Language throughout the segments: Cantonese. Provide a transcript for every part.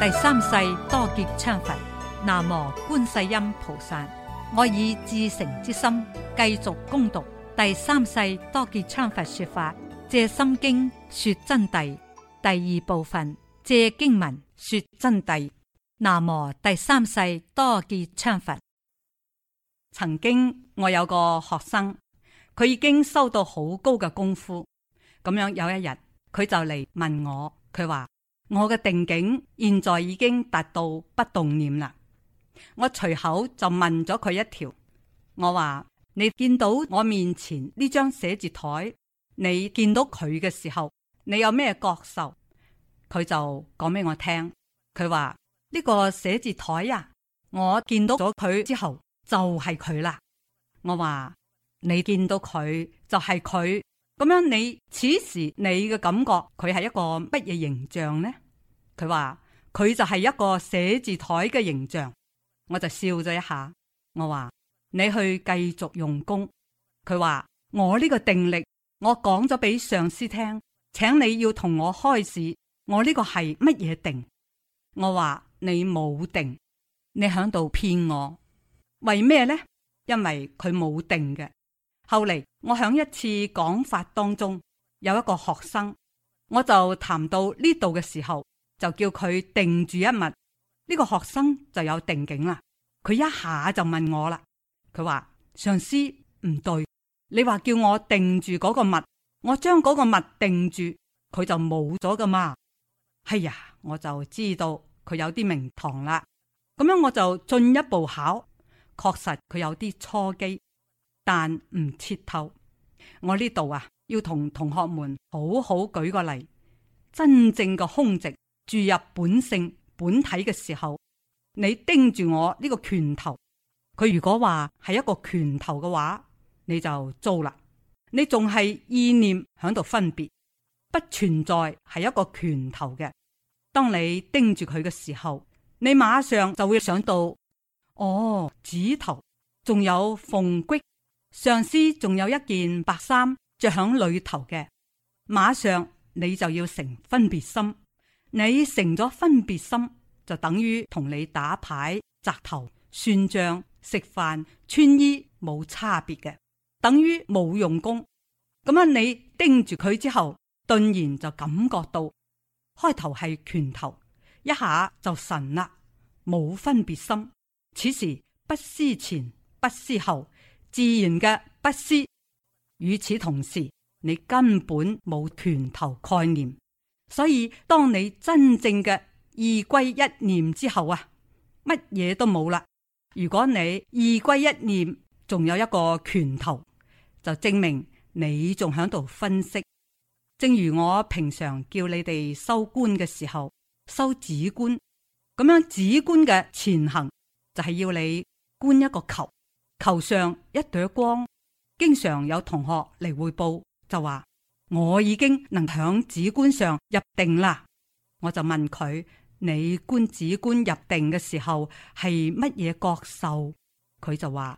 第三世多杰羌佛，南無觀世音菩薩。我以至誠之心繼續攻讀第三世多杰羌佛說法，借心經說真諦第二部分，借經文說真諦。南無第三世多杰羌佛。曾經我有個學生，佢已經收到好高嘅功夫，咁樣有一日佢就嚟問我，佢話，我嘅定境現在已經達到不動念啦。我隨口就問咗佢一條，我話，你見到我面前呢張寫字台，你見到佢嘅時候，你有咩感受？佢就講俾我聽。佢話呢個寫字台呀、啊，我見到咗佢之後就係佢啦。我話你見到佢就係、是、佢，咁樣你此時你嘅感覺佢係一個乜嘢形象呢？佢話佢就係一個寫字台嘅形象，我就笑咗一下。我話你去繼續用功。佢話我呢個定力，我講咗俾上司聽，請你要同我開示。我呢個係乜嘢定？我話你冇定，你響度騙我。為咩呢？因為佢冇定嘅。後嚟我響一次講法當中，有一個學生，我就談到呢度嘅時候。就叫佢定住一物，呢、這個學生就有定境啦。佢一下就問我啦，佢話：上師唔對，你話叫我定住嗰個物，我將嗰個物定住，佢就冇咗噶嘛？哎呀，我就知道佢有啲名堂啦。咁樣我就進一步考，確實佢有啲初機，但唔切透。我呢度啊，要同同學們好好舉個例，真正嘅空寂。注入本性本體嘅時候，你盯住我呢個拳頭，佢如果話係一個拳頭嘅話，你就糟啦。你仲係意念喺度分別，不存在係一個拳頭嘅。當你盯住佢嘅時候，你馬上就會想到，哦，指頭，仲有縫骨，上司仲有一件白衫着喺裏頭嘅，馬上你就要成分別心。你成咗分別心，就等於同你打牌、摘頭、算賬、食飯、穿衣冇差別嘅，等於冇用功。咁啊，你盯住佢之後，頓然就感覺到開頭係拳頭，一下就神啦，冇分別心。此時不思前，不思後，自然嘅不思。與此同時，你根本冇拳頭概念。所以，當你真正嘅二歸一念之後啊，乜嘢都冇啦。如果你二歸一念仲有一個拳頭，就證明你仲喺度分析。正如我平常叫你哋收官嘅時候，收子官，咁樣子官嘅前行，就係要你觀一個球，球上一朵光。經常有同學嚟匯報，就話。我已經能響指觀上入定啦，我就問佢：你觀指觀入定嘅時候係乜嘢覺受？佢就話：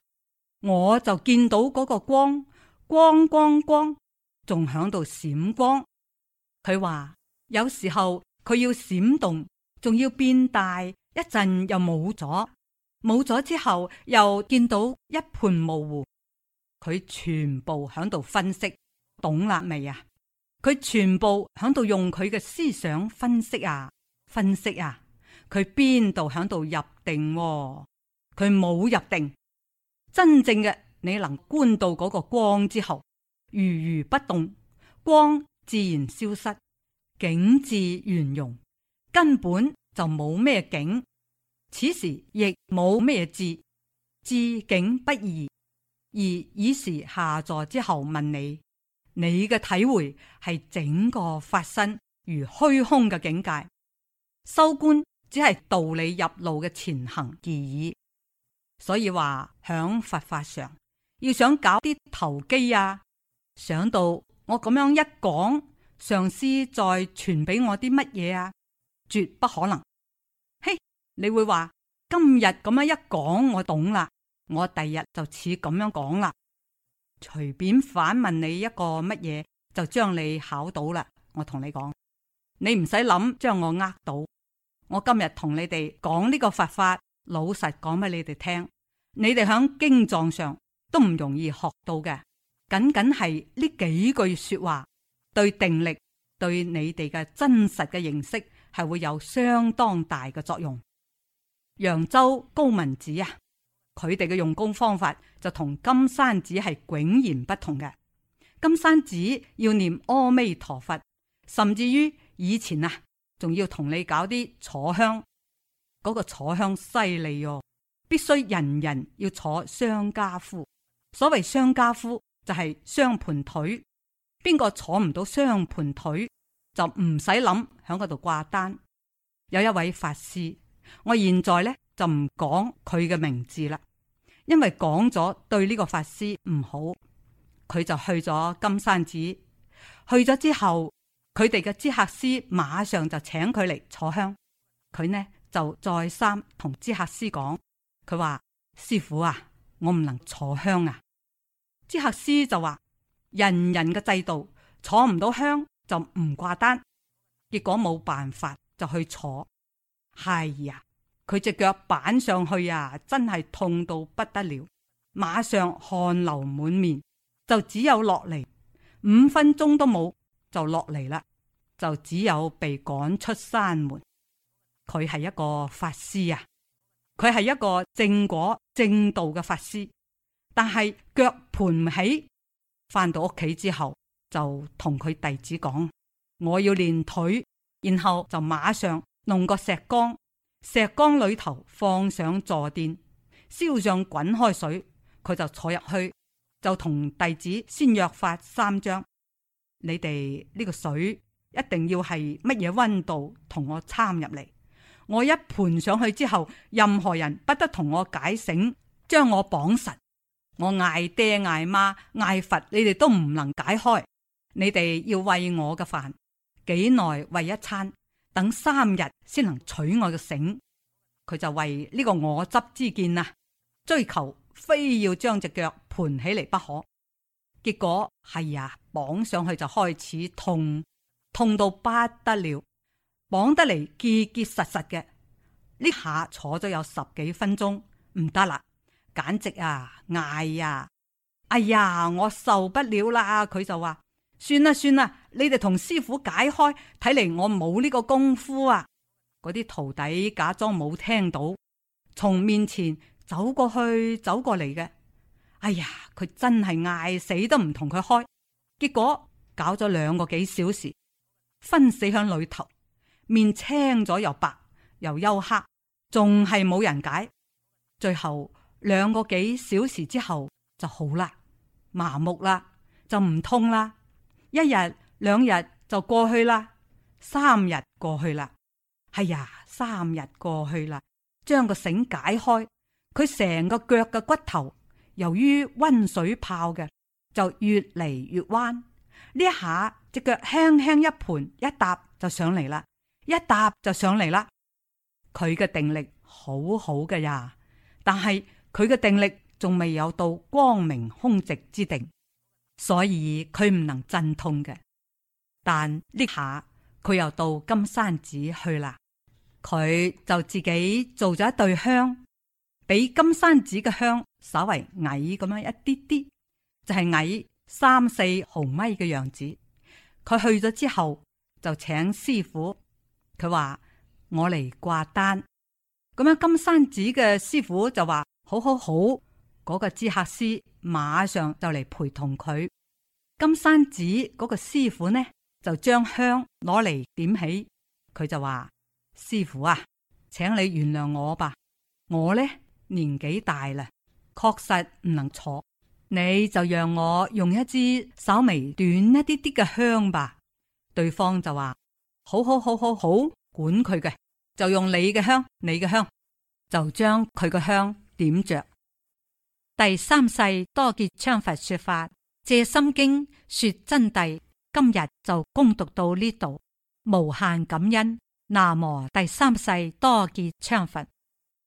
我就見到嗰個光，光光光，仲響度閃光。佢話有時候佢要閃動，仲要變大，一陣又冇咗，冇咗之後又見到一盤模糊，佢全部響度分析。懂啦未啊？佢全部響度用佢嘅思想分析啊，分析啊，佢邊度響度入定啊？佢冇入定。真正嘅你能觀到嗰個光之後，如如不動，光自然消失，景致圓融，根本就冇咩景。此時亦冇咩字，至景不疑，而已是下座之後問你。你嘅體會係整個法身如虛空嘅境界，修觀只係道理入路嘅前行而已。所以話響佛法上，要想搞啲投機啊，想到我咁樣一講，上師再傳俾我啲乜嘢啊，絕不可能。嘿，你會話今日咁樣一講，我懂啦，我第日就似咁樣講啦。隨便反問你一個乜嘢，就將你考到啦！我同你講，你唔使諗將我呃到。我今日同你哋講呢個佛法，老實講俾你哋聽，你哋喺經藏上都唔容易學到嘅，僅僅係呢幾句說話，對定力，對你哋嘅真實嘅認識，係會有相當大嘅作用。揚州高文子啊！佢哋嘅用功方法就同金山寺係迥然不同嘅。金山寺要念阿彌陀佛，甚至於以前啊，仲要同你搞啲坐香，嗰個坐香犀利哦，必須人人要坐雙家夫。所謂雙家夫就係雙盤腿，邊個坐唔到雙盤腿就唔使諗響嗰度掛單。有一位法師，我現在咧。就唔講佢嘅名字啦，因為講咗對呢個法師唔好，佢就去咗金山寺。去咗之後，佢哋嘅知客師馬上就請佢嚟坐香。佢呢就再三同知客師講，佢話師傅啊，我唔能坐香啊。知客師就話：人人嘅制度，坐唔到香就唔掛單。結果冇辦法就去坐，係啊。佢隻腳板上去呀、啊，真係痛到不得了，馬上汗流滿面，就只有落嚟，五分鐘都冇就落嚟啦，就只有被趕出山門。佢係一個法師啊，佢係一個正果正道嘅法師，但係腳盤唔起，翻到屋企之後就同佢弟子講：我要練腿，然後就馬上弄個石缸。石缸裏頭放上坐墊，燒上滾開水，佢就坐入去，就同弟子先約法三章，你哋呢個水一定要係乜嘢温度同我參入嚟，我一盤上去之後，任何人不得同我解繩，將我綁實，我嗌爹嗌媽嗌佛，你哋都唔能解開。你哋要餵我嘅飯，幾耐餵一餐？等三日先能取我嘅繩，佢就為呢個我執之見啊，追求非要將隻腳盤起嚟不可。結果係呀，綁上去就開始痛，痛到不得了，綁得嚟結結實實嘅。呢下坐咗有十幾分鐘，唔得啦，簡直啊，嗌呀，啊，哎呀，我受不了啦！佢就話。算啦算啦，你哋同師傅解開，睇嚟我冇呢個功夫啊！嗰啲徒弟假裝冇聽到，從面前走過去走過嚟嘅。哎呀，佢真係嗌死都唔同佢開，結果搞咗兩個幾小時，昏死響裏頭，面青咗又白又幽黑，仲係冇人解。最後兩個幾小時之後就好啦，麻木啦，就唔痛啦。一日兩日就過去啦，三日過去啦，係、哎、呀，三日過去啦，將個繩解開，佢成個腳嘅骨頭，由於溫水泡，嘅就越嚟越彎。呢一下隻腳輕輕一盤一搭就上嚟啦，一搭就上嚟啦。佢嘅定力好好㗎呀，但係佢嘅定力仲未有到光明空寂之定。所以佢唔能陣痛嘅，但呢下佢又到金山寺去啦。佢就自己做咗一對香，比金山寺嘅香稍為矮咁樣一啲啲，就係、是、矮三四毫米嘅樣子。佢去咗之後就請師傅，佢話我嚟掛單。咁樣金山寺嘅師傅就話好好好。嗰個知客師馬上就嚟陪同佢。金山寺嗰個師傅呢，就將香攞嚟點起。佢就話：師傅啊，請你原諒我吧。我呢年紀大啦，確實唔能坐。你就讓我用一支稍微短一啲啲嘅香吧。對方就話：好好好好好管，管佢嘅就用你嘅香，你嘅香就將佢嘅香點着。第三世多杰羌佛說法，藉心經說真諦，今日就恭讀到呢度，無限感恩。南無第三世多杰羌佛。